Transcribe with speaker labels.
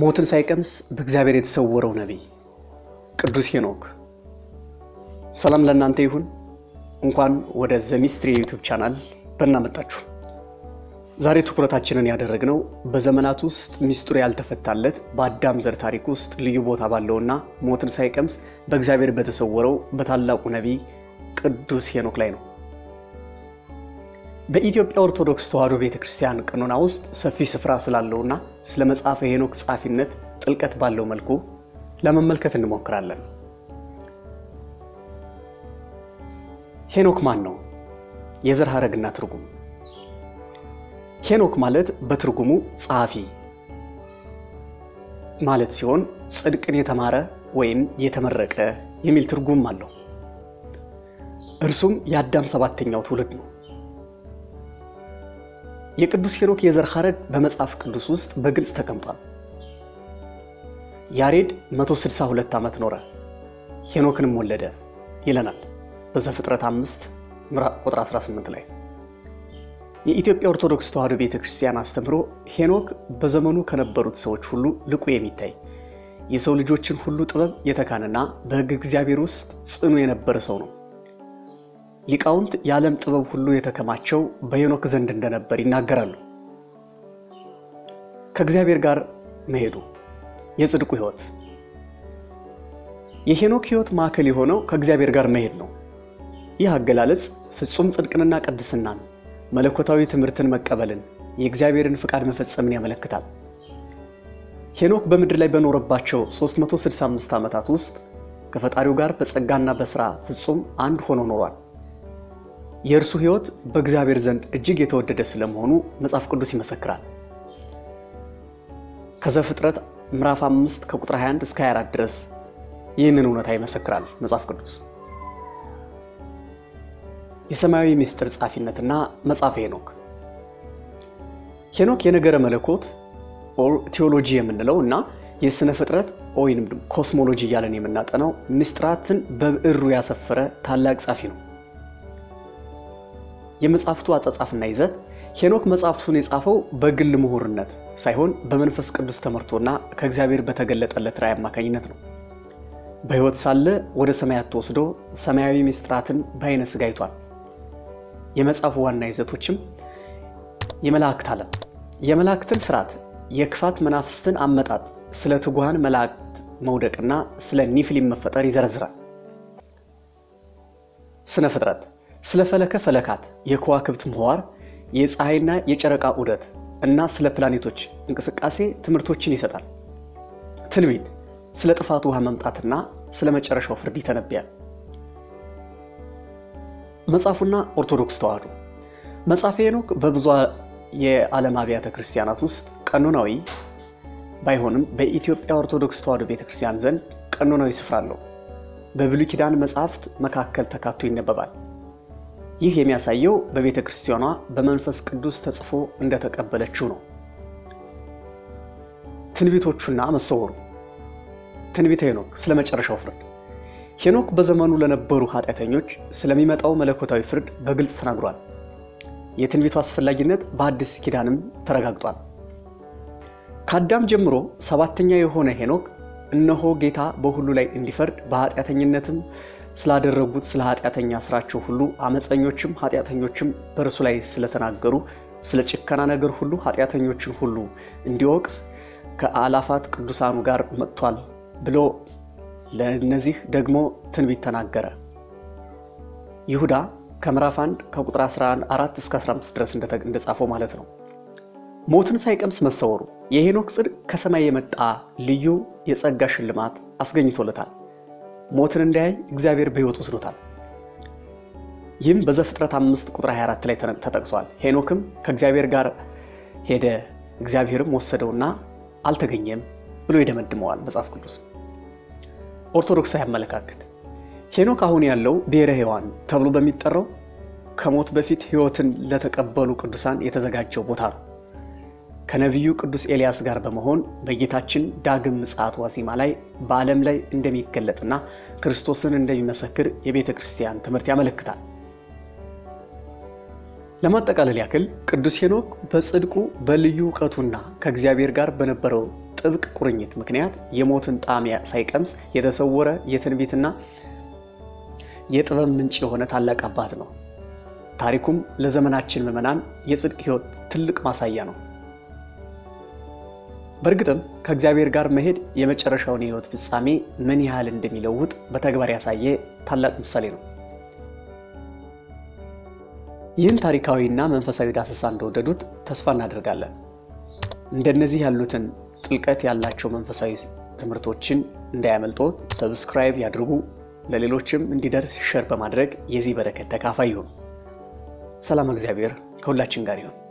Speaker 1: ሞትን ሳይቀምስ በእግዚአብሔር የተሰወረው ነቢይ ቅዱስ ሄኖክ። ሰላም ለእናንተ ይሁን። እንኳን ወደ ዘሚስትሪ የዩቱብ ቻናል በናመጣችሁ። ዛሬ ትኩረታችንን ያደረግነው በዘመናት ውስጥ ሚስጥሩ ያልተፈታለት በአዳም ዘር ታሪክ ውስጥ ልዩ ቦታ ባለውና ሞትን ሳይቀምስ በእግዚአብሔር በተሰወረው በታላቁ ነቢይ ቅዱስ ሄኖክ ላይ ነው። በኢትዮጵያ ኦርቶዶክስ ተዋሕዶ ቤተ ክርስቲያን ቀኖና ውስጥ ሰፊ ስፍራ ስላለውና ስለ መጽሐፈ ሄኖክ ጸሐፊነት ጥልቀት ባለው መልኩ ለመመልከት እንሞክራለን። ሄኖክ ማን ነው? የዘር ሐረግና ትርጉም። ሄኖክ ማለት በትርጉሙ ጸሐፊ ማለት ሲሆን ጽድቅን የተማረ ወይም የተመረቀ የሚል ትርጉም አለው። እርሱም የአዳም ሰባተኛው ትውልድ ነው። የቅዱስ ሄኖክ የዘር ሐረግ በመጽሐፍ ቅዱስ ውስጥ በግልጽ ተቀምጧል። ያሬድ 162 ዓመት ኖረ ሄኖክንም ወለደ ይለናል በዘፍጥረት 5 ምዕራፍ ቁጥር 18 ላይ። የኢትዮጵያ ኦርቶዶክስ ተዋሕዶ ቤተ ክርስቲያን አስተምህሮ ሄኖክ በዘመኑ ከነበሩት ሰዎች ሁሉ ልቁ የሚታይ የሰው ልጆችን ሁሉ ጥበብ የተካነና በሕግ እግዚአብሔር ውስጥ ጽኑ የነበረ ሰው ነው። ሊቃውንት የዓለም ጥበብ ሁሉ የተከማቸው በሄኖክ ዘንድ እንደነበር ይናገራሉ። ከእግዚአብሔር ጋር መሄዱ የጽድቁ ሕይወት የሄኖክ ሕይወት ማዕከል የሆነው ከእግዚአብሔር ጋር መሄድ ነው። ይህ አገላለጽ ፍጹም ጽድቅንና ቅድስናን፣ መለኮታዊ ትምህርትን መቀበልን፣ የእግዚአብሔርን ፍቃድ መፈጸምን ያመለክታል። ሄኖክ በምድር ላይ በኖረባቸው 365 ዓመታት ውስጥ ከፈጣሪው ጋር በጸጋና በሥራ ፍጹም አንድ ሆኖ ኖሯል። የእርሱ ሕይወት በእግዚአብሔር ዘንድ እጅግ የተወደደ ስለመሆኑ መጽሐፍ ቅዱስ ይመሰክራል። ከዘፍጥረት ምዕራፍ 5 ከቁጥር 21 እስከ 24 ድረስ ይህንን እውነታ ይመሰክራል መጽሐፍ ቅዱስ። የሰማያዊ ምስጢር ጻፊነትና መጽሐፈ ሄኖክ ሄኖክ የነገረ መለኮት ኦር ቴዎሎጂ የምንለው እና የሥነ ፍጥረት ወይንም ኮስሞሎጂ እያለን የምናጠነው ምስጢራትን በብዕሩ ያሰፈረ ታላቅ ጻፊ ነው። የመጽሐፍቱ አጻጻፍና ይዘት ሄኖክ መጽሐፍቱን የጻፈው በግል ምሁርነት ሳይሆን በመንፈስ ቅዱስ ተመርቶና ከእግዚአብሔር በተገለጠለት ራእይ አማካኝነት ነው። በሕይወት ሳለ ወደ ሰማያት ተወስዶ ሰማያዊ ምስጢራትን በአይነ ሥጋ አይቷል። የመጽሐፉ ዋና ይዘቶችም የመላእክት ዓለም፣ የመላእክትን ስርዓት፣ የክፋት መናፍስትን አመጣጥ፣ ስለ ትጉሃን መላእክት መውደቅና ስለ ኒፍሊም መፈጠር ይዘረዝራል። ስነ ፍጥረት ስለ ፈለከ ፈለካት፣ የከዋክብት ምህዋር፣ የፀሐይና የጨረቃ ዑደት እና ስለ ፕላኔቶች እንቅስቃሴ ትምህርቶችን ይሰጣል። ትንቢት ስለ ጥፋት ውሃ መምጣትና ስለ መጨረሻው ፍርድ ይተነብያል። መጽሐፉና ኦርቶዶክስ ተዋህዶ መጽሐፈ ሄኖክ በብዙ የዓለም አብያተ ክርስቲያናት ውስጥ ቀኖናዊ ባይሆንም በኢትዮጵያ ኦርቶዶክስ ተዋህዶ ቤተ ክርስቲያን ዘንድ ቀኖናዊ ስፍራ አለው። በብሉይ ኪዳን መጽሐፍት መካከል ተካቶ ይነበባል። ይህ የሚያሳየው በቤተ ክርስቲያኗ በመንፈስ ቅዱስ ተጽፎ እንደተቀበለችው ነው። ትንቢቶቹና መሰወሩ ትንቢተ ሄኖክ ስለ መጨረሻው ፍርድ ሄኖክ በዘመኑ ለነበሩ ኃጢአተኞች ስለሚመጣው መለኮታዊ ፍርድ በግልጽ ተናግሯል። የትንቢቱ አስፈላጊነት በአዲስ ኪዳንም ተረጋግጧል። ከአዳም ጀምሮ ሰባተኛ የሆነ ሄኖክ እነሆ ጌታ በሁሉ ላይ እንዲፈርድ በኃጢአተኝነትም ስላደረጉት ስለ ኃጢአተኛ ስራቸው ሁሉ አመፀኞችም ኃጢአተኞችም በእርሱ ላይ ስለተናገሩ ስለ ጭከና ነገር ሁሉ ኃጢአተኞችን ሁሉ እንዲወቅስ ከአላፋት ቅዱሳኑ ጋር መጥቷል ብሎ ለእነዚህ ደግሞ ትንቢት ተናገረ። ይሁዳ ከምዕራፍ 1 ከቁጥር 14 እስከ 15 ድረስ እንደጻፈው ማለት ነው። ሞትን ሳይቀምስ መሰወሩ የሄኖክ ጽድቅ ከሰማይ የመጣ ልዩ የጸጋ ሽልማት አስገኝቶለታል። ሞትን እንዳያይ እግዚአብሔር በሕይወት ወስዶታል። ይህም በዘፍጥረት አምስት ቁጥር 24 ላይ ተጠቅሷል። ሄኖክም ከእግዚአብሔር ጋር ሄደ፣ እግዚአብሔርም ወሰደውና አልተገኘም ብሎ ይደመድመዋል መጽሐፍ ቅዱስ። ኦርቶዶክሳዊ አመለካከት ሄኖክ አሁን ያለው ብሔረ ሕያዋን ተብሎ በሚጠራው ከሞት በፊት ሕይወትን ለተቀበሉ ቅዱሳን የተዘጋጀው ቦታ ነው። ከነቢዩ ቅዱስ ኤልያስ ጋር በመሆን በጌታችን ዳግም ምጽአት ዋዜማ ላይ በዓለም ላይ እንደሚገለጥና ክርስቶስን እንደሚመሰክር የቤተ ክርስቲያን ትምህርት ያመለክታል። ለማጠቃለል ያክል ቅዱስ ሄኖክ በጽድቁ በልዩ እውቀቱና ከእግዚአብሔር ጋር በነበረው ጥብቅ ቁርኝት ምክንያት የሞትን ጣዕም ሳይቀምስ የተሰወረ የትንቢትና የጥበብ ምንጭ የሆነ ታላቅ አባት ነው። ታሪኩም ለዘመናችን ምዕመናን የጽድቅ ሕይወት ትልቅ ማሳያ ነው። በእርግጥም ከእግዚአብሔር ጋር መሄድ የመጨረሻውን የህይወት ፍጻሜ ምን ያህል እንደሚለውጥ በተግባር ያሳየ ታላቅ ምሳሌ ነው። ይህን ታሪካዊና መንፈሳዊ ዳሰሳ እንደወደዱት ተስፋ እናደርጋለን። እንደነዚህ ያሉትን ጥልቀት ያላቸው መንፈሳዊ ትምህርቶችን እንዳያመልጦት ሰብስክራይብ ያድርጉ። ለሌሎችም እንዲደርስ ሸር በማድረግ የዚህ በረከት ተካፋይ ይሁኑ። ሰላም፣ እግዚአብሔር ከሁላችን ጋር ይሁን።